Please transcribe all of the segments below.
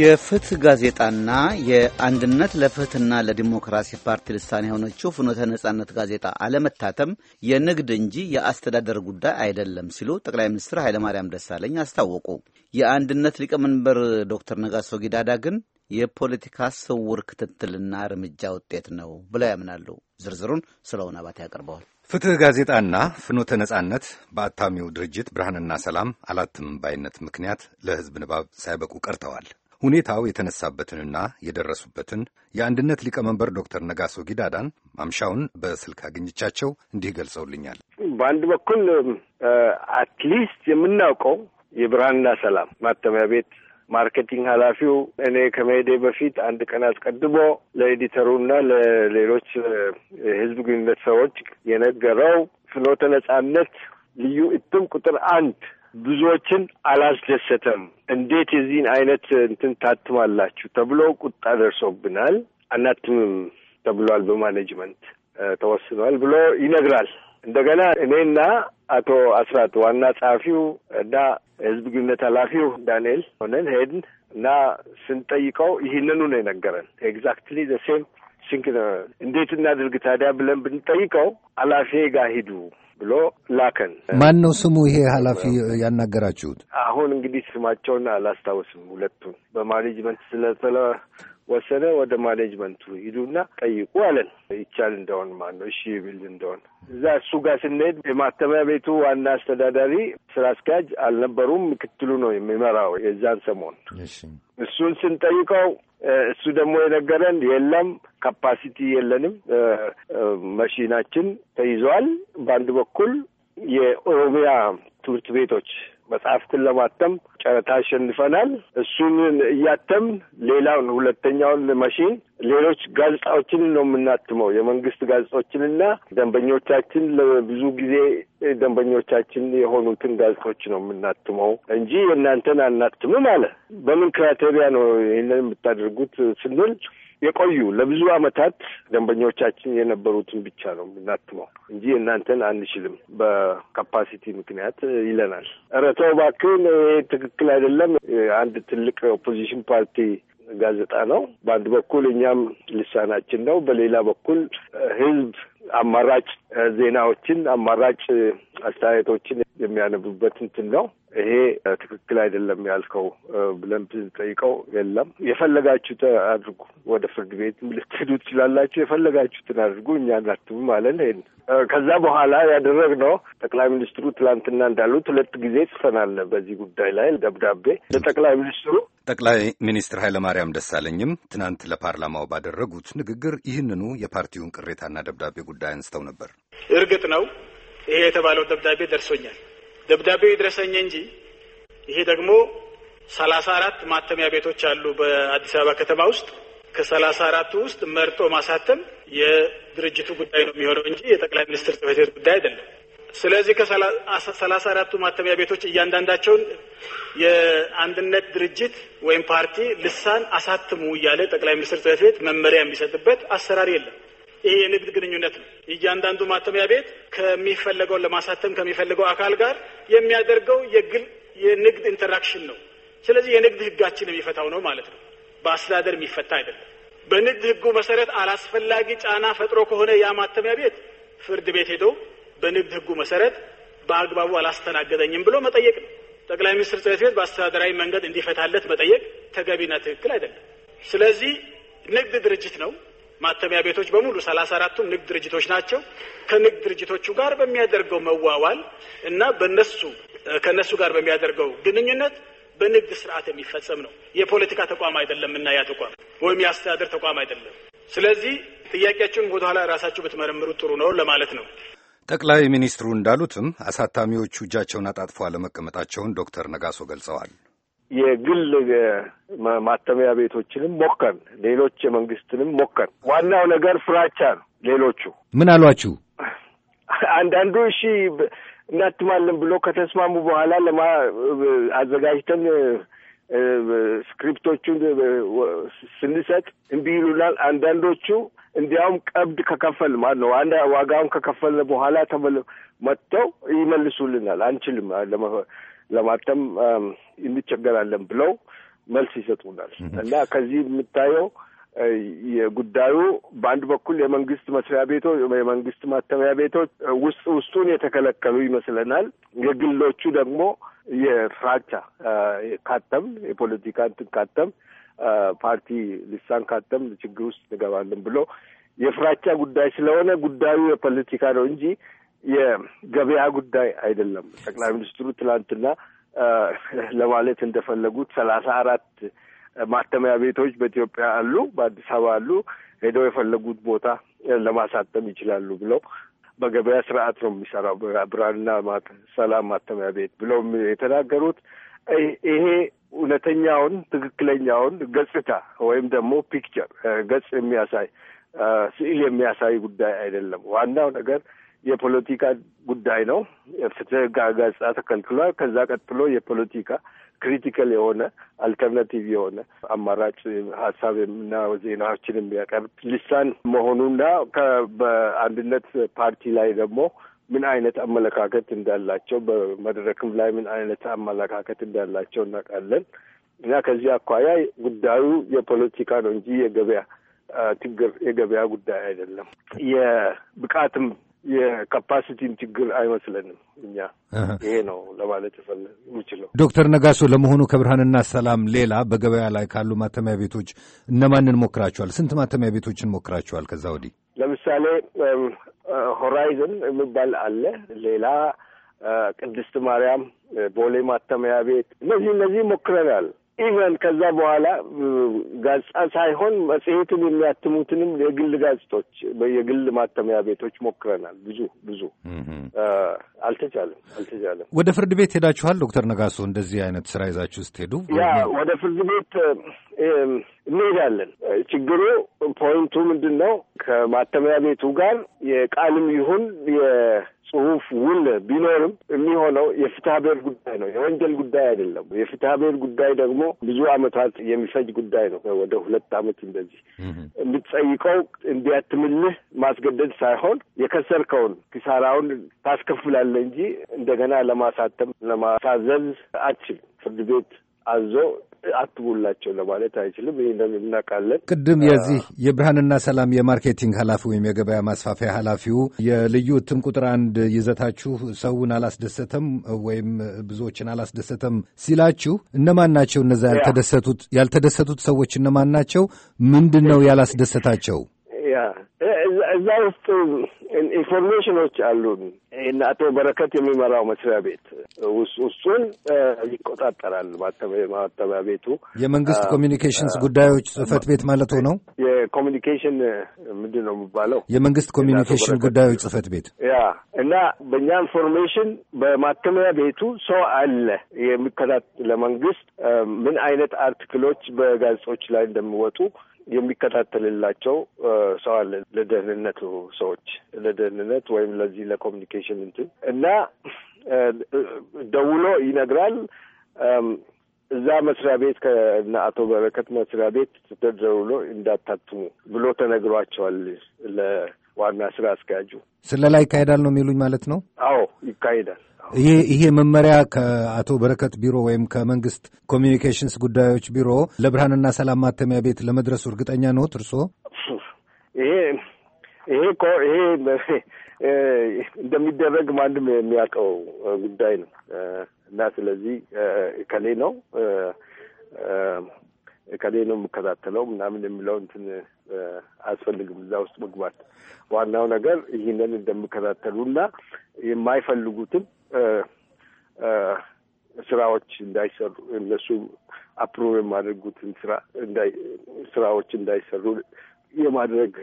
የፍትህ ጋዜጣና የአንድነት ለፍትህና ለዲሞክራሲ ፓርቲ ልሳኔ የሆነችው ፍኖተ ነጻነት ጋዜጣ አለመታተም የንግድ እንጂ የአስተዳደር ጉዳይ አይደለም ሲሉ ጠቅላይ ሚኒስትር ኃይለማርያም ደሳለኝ አስታወቁ። የአንድነት ሊቀመንበር ዶክተር ነጋሶ ጊዳዳ ግን የፖለቲካ ስውር ክትትልና እርምጃ ውጤት ነው ብለው ያምናሉ። ዝርዝሩን ስለሆነ አባት ያቀርበዋል። ፍትህ ጋዜጣና ፍኖተ ነጻነት በአታሚው ድርጅት ብርሃንና ሰላም አላትም ባይነት ምክንያት ለህዝብ ንባብ ሳይበቁ ቀርተዋል። ሁኔታው የተነሳበትንና የደረሱበትን የአንድነት ሊቀመንበር ዶክተር ነጋሶ ጊዳዳን ማምሻውን በስልክ አግኝቻቸው እንዲህ ገልጸውልኛል። በአንድ በኩል አትሊስት የምናውቀው የብርሃንና ሰላም ማተሚያ ቤት ማርኬቲንግ ኃላፊው እኔ ከመሄዴ በፊት አንድ ቀን አስቀድሞ ለኤዲተሩና ለሌሎች የህዝብ ግንኙነት ሰዎች የነገረው ፍኖተ ነጻነት ልዩ እትም ቁጥር አንድ ብዙዎችን አላስደሰተም። እንዴት የዚህን አይነት እንትን ታትማላችሁ ተብሎ ቁጣ ደርሶብናል። አናትምም ተብሏል፣ በማኔጅመንት ተወስኗል ብሎ ይነግራል። እንደገና እኔና አቶ አስራት ዋና ጸሐፊው እና የህዝብ ግንኙነት ኃላፊው ዳንኤል ሆነን ሄድን እና ስንጠይቀው ይህንኑ ነው የነገረን። ኤግዛክትሊ ዘ ሴም ሲንክ እንዴት እናድርግ ታዲያ ብለን ብንጠይቀው ኃላፊ ጋር ሂዱ ብሎ ላከን። ማን ነው ስሙ? ይሄ ኃላፊ ያናገራችሁት? አሁን እንግዲህ ስማቸውን አላስታውስም። ሁለቱን በማኔጅመንት ስለተለ ወሰነ ወደ ማኔጅመንቱ ሂዱና ጠይቁ አለን። ይቻል እንደሆን ማን ነው እሺ ይብል እንደሆን እዛ እሱ ጋር ስንሄድ የማተሚያ ቤቱ ዋና አስተዳዳሪ ስራ አስኪያጅ አልነበሩም። ምክትሉ ነው የሚመራው የዛን ሰሞን። እሱን ስንጠይቀው እሱ ደግሞ የነገረን የለም ካፓሲቲ የለንም፣ መሺናችን ተይዟል። በአንድ በኩል የኦሮሚያ ትምህርት ቤቶች መጽሐፍትን ለማተም ጨረታ አሸንፈናል። እሱን እያተም ሌላውን ሁለተኛውን መሽን ሌሎች ጋዜጣዎችን ነው የምናትመው የመንግስት ጋዜጦችንና ደንበኞቻችን ለብዙ ጊዜ ደንበኞቻችን የሆኑትን ጋዜጦች ነው የምናትመው እንጂ የእናንተን አናትምም አለ። በምን ክራቴሪያ ነው ይህንን የምታደርጉት ስንል የቆዩ ለብዙ አመታት ደንበኞቻችን የነበሩትን ብቻ ነው የምናትመው እንጂ እናንተን አንችልም በካፓሲቲ ምክንያት ይለናል። ኧረ ተው እባክህን፣ ይሄ ትክክል አይደለም። አንድ ትልቅ ኦፖዚሽን ፓርቲ ጋዜጣ ነው። በአንድ በኩል እኛም ልሳናችን ነው፣ በሌላ በኩል ህዝብ አማራጭ ዜናዎችን አማራጭ አስተያየቶችን የሚያነቡበት እንትን ነው። ይሄ ትክክል አይደለም ያልከው ብለን ብንጠይቀው የለም የፈለጋችሁት አድርጉ፣ ወደ ፍርድ ቤት ልትሄዱ ትችላላችሁ፣ የፈለጋችሁትን አድርጉ፣ እኛ እናትብም አለን። ይሄን ከዛ በኋላ ያደረግነው ጠቅላይ ሚኒስትሩ ትላንትና እንዳሉት ሁለት ጊዜ ጽፈናል። በዚህ ጉዳይ ላይ ደብዳቤ ለጠቅላይ ሚኒስትሩ ጠቅላይ ሚኒስትር ኃይለማርያም ደሳለኝም ትናንት ለፓርላማው ባደረጉት ንግግር ይህንኑ የፓርቲውን ቅሬታና ደብዳቤ ጉዳይ አንስተው ነበር። እርግጥ ነው ይሄ የተባለው ደብዳቤ ደርሶኛል ደብዳቤው ይድረሰኝ እንጂ ይሄ ደግሞ ሰላሳ አራት ማተሚያ ቤቶች አሉ በአዲስ አበባ ከተማ ውስጥ ከሰላሳ አራቱ ውስጥ መርጦ ማሳተም የድርጅቱ ጉዳይ ነው የሚሆነው እንጂ የጠቅላይ ሚኒስትር ጽሕፈት ቤት ጉዳይ አይደለም። ስለዚህ ከሰላሳ አራቱ ማተሚያ ቤቶች እያንዳንዳቸውን የአንድነት ድርጅት ወይም ፓርቲ ልሳን አሳትሙ እያለ ጠቅላይ ሚኒስትር ጽሕፈት ቤት መመሪያ የሚሰጥበት አሰራር የለም። ይሄ የንግድ ግንኙነት ነው። እያንዳንዱ ማተሚያ ቤት ከሚፈለገው ለማሳተም ከሚፈልገው አካል ጋር የሚያደርገው የግል የንግድ ኢንተራክሽን ነው። ስለዚህ የንግድ ህጋችን የሚፈታው ነው ማለት ነው። በአስተዳደር የሚፈታ አይደለም። በንግድ ህጉ መሰረት አላስፈላጊ ጫና ፈጥሮ ከሆነ ያ ማተሚያ ቤት ፍርድ ቤት ሄዶ በንግድ ህጉ መሰረት በአግባቡ አላስተናገደኝም ብሎ መጠየቅ ነው። ጠቅላይ ሚኒስትር ጽሕፈት ቤት በአስተዳደራዊ መንገድ እንዲፈታለት መጠየቅ ተገቢና ትክክል አይደለም። ስለዚህ ንግድ ድርጅት ነው። ማተሚያ ቤቶች በሙሉ ሰላሳ አራቱም ንግድ ድርጅቶች ናቸው። ከንግድ ድርጅቶቹ ጋር በሚያደርገው መዋዋል እና በነሱ ከነሱ ጋር በሚያደርገው ግንኙነት በንግድ ስርዓት የሚፈጸም ነው። የፖለቲካ ተቋም አይደለም እና ያ ተቋም ወይም የአስተዳደር ተቋም አይደለም። ስለዚህ ጥያቄያችሁን ወደኋላ ራሳችሁ ብትመረምሩት ጥሩ ነው ለማለት ነው። ጠቅላይ ሚኒስትሩ እንዳሉትም አሳታሚዎቹ እጃቸውን አጣጥፎ አለመቀመጣቸውን ዶክተር ነጋሶ ገልጸዋል። የግል ማተሚያ ቤቶችንም ሞከርን፣ ሌሎች የመንግስትንም ሞከርን። ዋናው ነገር ፍራቻ ነው። ሌሎቹ ምን አሏችሁ? አንዳንዱ እሺ እናትማለን ብሎ ከተስማሙ በኋላ ለማ አዘጋጅተን ስክሪፕቶቹን ስንሰጥ እምቢ ይሉናል። አንዳንዶቹ እንዲያውም ቀብድ ከከፈል ማለት ነው አንድ ዋጋውን ከከፈል በኋላ ተመ መጥተው ይመልሱልናል። አንችልም ለማተም እንቸገራለን ብለው መልስ ይሰጡናል እና ከዚህ የምታየው የጉዳዩ በአንድ በኩል የመንግስት መስሪያ ቤቶች የመንግስት ማተሚያ ቤቶች ውስጥ ውስጡን የተከለከሉ ይመስለናል። የግሎቹ ደግሞ የፍራቻ ካተም የፖለቲካ እንትን ካተም ፓርቲ ልሳን ካተም ችግር ውስጥ እንገባለን ብሎ የፍራቻ ጉዳይ ስለሆነ ጉዳዩ የፖለቲካ ነው እንጂ የገበያ ጉዳይ አይደለም። ጠቅላይ ሚኒስትሩ ትላንትና ለማለት እንደፈለጉት ሰላሳ አራት ማተሚያ ቤቶች በኢትዮጵያ አሉ፣ በአዲስ አበባ አሉ። ሄደው የፈለጉት ቦታ ለማሳተም ይችላሉ ብለው በገበያ ስርዓት ነው የሚሰራው ብርሃንና ሰላም ማተሚያ ቤት ብለው የተናገሩት ይሄ እውነተኛውን ትክክለኛውን ገጽታ ወይም ደግሞ ፒክቸር ገጽ የሚያሳይ ስዕል የሚያሳይ ጉዳይ አይደለም። ዋናው ነገር የፖለቲካ ጉዳይ ነው። ፍትህ ጋዜጣ ተከልክሏል። ከዛ ቀጥሎ የፖለቲካ ክሪቲካል የሆነ አልተርናቲቭ የሆነ አማራጭ ሀሳብ እና ዜናዎችን የሚያቀርብ ልሳን መሆኑና በአንድነት ፓርቲ ላይ ደግሞ ምን አይነት አመለካከት እንዳላቸው በመድረክም ላይ ምን አይነት አመለካከት እንዳላቸው እናውቃለን። እና ከዚህ አኳያ ጉዳዩ የፖለቲካ ነው እንጂ የገበያ ችግር የገበያ ጉዳይ አይደለም። የብቃትም የካፓሲቲን ችግር አይመስለንም። እኛ ይሄ ነው ለማለት የምችለው። ዶክተር ነጋሶ ለመሆኑ ከብርሃንና ሰላም ሌላ በገበያ ላይ ካሉ ማተሚያ ቤቶች እነማንን ሞክራችኋል? ስንት ማተሚያ ቤቶችን ሞክራችኋል? ከዛ ወዲህ ለምሳሌ ሆራይዘን የሚባል አለ፣ ሌላ ቅድስት ማርያም ቦሌ ማተሚያ ቤት፣ እነዚህ እነዚህ ሞክረናል። ኢቨን ከዛ በኋላ ጋዜጣ ሳይሆን መጽሔትን የሚያትሙትንም የግል ጋዜጦች የግል ማተሚያ ቤቶች ሞክረናል። ብዙ ብዙ አልተቻለም አልተቻለም። ወደ ፍርድ ቤት ሄዳችኋል ዶክተር ነጋሶ? እንደዚህ አይነት ስራ ይዛችሁ ስትሄዱ ያ ወደ ፍርድ ቤት እንሄዳለን። ችግሩ ፖይንቱ ምንድን ነው? ከማተሚያ ቤቱ ጋር የቃልም ይሁን የጽሁፍ ውል ቢኖርም የሚሆነው የፍትሐ ብሔር ጉዳይ ነው፣ የወንጀል ጉዳይ አይደለም። የፍትሐ ብሔር ጉዳይ ደግሞ ብዙ አመታት የሚፈጅ ጉዳይ ነው። ወደ ሁለት አመት እንደዚህ እንድትጠይቀው እንዲያትምልህ ማስገደድ ሳይሆን የከሰርከውን ኪሳራውን ታስከፍላለህ እንጂ እንደገና ለማሳተም ለማሳዘዝ አችልም። ፍርድ ቤት አዞ አትቡላቸው ለማለት አይችልም። ይህ እናውቃለን። ቅድም የዚህ የብርሃንና ሰላም የማርኬቲንግ ኃላፊ ወይም የገበያ ማስፋፊያ ኃላፊው የልዩ እትም ቁጥር አንድ ይዘታችሁ ሰውን አላስደሰተም ወይም ብዙዎችን አላስደሰተም ሲላችሁ እነማን ናቸው? እነዛ ያልተደሰቱት ያልተደሰቱት ሰዎች እነማን ናቸው? ምንድን ነው ያላስደሰታቸው? እዛ ውስጥ ኢንፎርሜሽኖች አሉን። ይህን አቶ በረከት የሚመራው መስሪያ ቤት ውስጡን ይቆጣጠራል። ማተሚያ ቤቱ የመንግስት ኮሚኒኬሽንስ ጉዳዮች ጽህፈት ቤት ማለት ነው። የኮሚኒኬሽን ምንድን ነው የሚባለው? የመንግስት ኮሚኒኬሽን ጉዳዮች ጽህፈት ቤት ያ እና በእኛ ኢንፎርሜሽን በማተሚያ ቤቱ ሰው አለ የሚከታተል ለመንግስት ምን አይነት አርቲክሎች በጋዜጦች ላይ እንደሚወጡ የሚከታተልላቸው ሰው አለ። ለደህንነቱ ሰዎች ለደህንነት ወይም ለዚህ ለኮሚኒኬሽን እንትን እና ደውሎ ይነግራል። እዛ መስሪያ ቤት ከእነ አቶ በረከት መስሪያ ቤት ተደውሎ እንዳታትሙ ብሎ ተነግሯቸዋል ለዋና ስራ አስኪያጁ። ስለላ ይካሄዳል ነው የሚሉኝ ማለት ነው? አዎ ይካሄዳል። ይሄ መመሪያ ከአቶ በረከት ቢሮ ወይም ከመንግስት ኮሚኒኬሽንስ ጉዳዮች ቢሮ ለብርሃንና ሰላም ማተሚያ ቤት ለመድረሱ እርግጠኛ ነዎት እርስዎ? ይሄ ይሄ እኮ ይሄ እንደሚደረግ ማንም የሚያውቀው ጉዳይ ነው እና ስለዚህ ከሌ ነው ከሌ ነው የምከታተለው ምናምን የሚለው እንትን አያስፈልግም እዛ ውስጥ መግባት። ዋናው ነገር ይህንን እንደሚከታተሉና የማይፈልጉትን ስራዎች እንዳይሰሩ እነሱ አፕሮቭ የማደርጉትን ስራዎች እንዳይሰሩ የማድረግ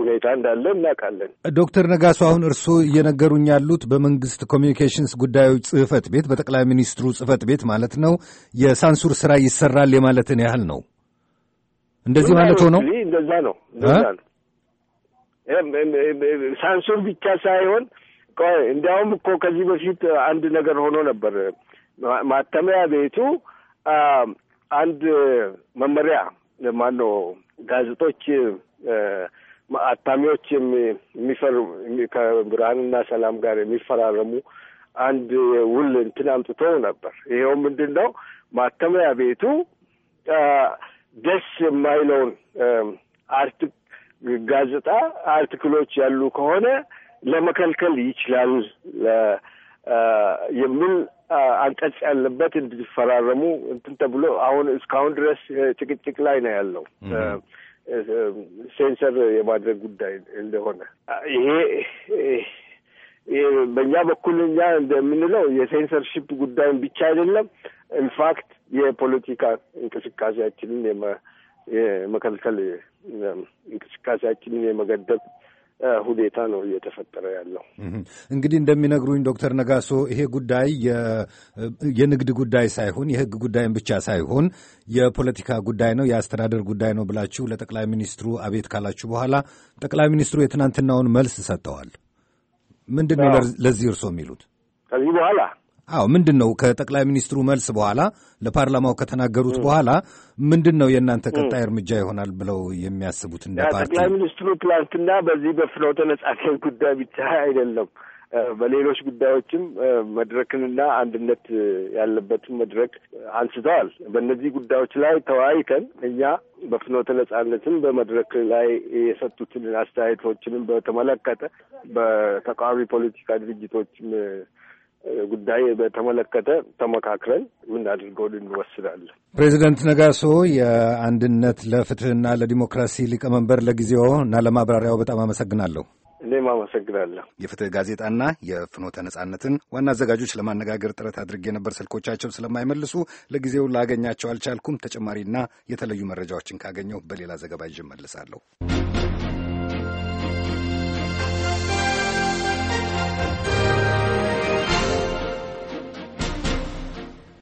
ሁኔታ እንዳለ እናውቃለን። ዶክተር ነጋሶ አሁን እርስዎ እየነገሩኝ ያሉት በመንግስት ኮሚኒኬሽንስ ጉዳዮች ጽህፈት ቤት በጠቅላይ ሚኒስትሩ ጽህፈት ቤት ማለት ነው የሳንሱር ስራ ይሰራል የማለትን ያህል ነው። እንደዚህ ማለት ሆነው እንደዛ ነው። ሳንሱር ብቻ ሳይሆን ቆይ እንዲያውም እኮ ከዚህ በፊት አንድ ነገር ሆኖ ነበር። ማተሚያ ቤቱ አንድ መመሪያ ማነው ጋዜጦች አታሚዎች የሚፈርሙ ከብርሃንና ሰላም ጋር የሚፈራረሙ አንድ ውል እንትን አምጥቶ ነበር። ይኸው ምንድን ነው ማተሚያ ቤቱ ደስ የማይለውን አርት ጋዜጣ አርቲክሎች ያሉ ከሆነ ለመከልከል ይችላል የሚል አንቀጽ ያለበት እንዲፈራረሙ እንትን ተብሎ አሁን እስካሁን ድረስ ጭቅጭቅ ላይ ነው ያለው። ሴንሰር የማድረግ ጉዳይ እንደሆነ ይሄ በእኛ በኩል እኛ እንደምንለው የሴንሰርሺፕ ጉዳይን ብቻ አይደለም፣ ኢንፋክት የፖለቲካ እንቅስቃሴያችንን የመከልከል እንቅስቃሴያችንን የመገደብ ሁኔታ ነው እየተፈጠረ ያለው። እንግዲህ እንደሚነግሩኝ ዶክተር ነጋሶ ይሄ ጉዳይ የንግድ ጉዳይ ሳይሆን የህግ ጉዳይን ብቻ ሳይሆን የፖለቲካ ጉዳይ ነው፣ የአስተዳደር ጉዳይ ነው ብላችሁ ለጠቅላይ ሚኒስትሩ አቤት ካላችሁ በኋላ ጠቅላይ ሚኒስትሩ የትናንትናውን መልስ ሰጥተዋል። ምንድን ነው ለዚህ እርሶ የሚሉት? ከዚህ በኋላ አዎ ምንድን ነው ከጠቅላይ ሚኒስትሩ መልስ በኋላ ለፓርላማው ከተናገሩት በኋላ ምንድን ነው የእናንተ ቀጣይ እርምጃ ይሆናል ብለው የሚያስቡት? እንደ ፓርቲ ጠቅላይ ሚኒስትሩ ትላንትና በዚህ በፍኖተ ነጻነት ጉዳይ ብቻ አይደለም በሌሎች ጉዳዮችም መድረክንና አንድነት ያለበትን መድረክ አንስተዋል። በእነዚህ ጉዳዮች ላይ ተወያይተን እኛ በፍኖተ ነጻነትም በመድረክ ላይ የሰጡትን አስተያየቶችንም በተመለከተ በተቃዋሚ ፖለቲካ ድርጅቶችም ጉዳይ በተመለከተ ተመካክረን የምናደርገው እንወስዳለን። ፕሬዚደንት ነጋሶ የአንድነት ለፍትህና ለዲሞክራሲ ሊቀመንበር፣ ለጊዜው እና ለማብራሪያው በጣም አመሰግናለሁ። እኔም አመሰግናለሁ። የፍትህ ጋዜጣና የፍኖተ ነጻነትን ዋና አዘጋጆች ለማነጋገር ጥረት አድርጌ ነበር። ስልኮቻቸው ስለማይመልሱ ለጊዜው ላገኛቸው አልቻልኩም። ተጨማሪና የተለዩ መረጃዎችን ካገኘሁ በሌላ ዘገባ ይዤ እመልሳለሁ።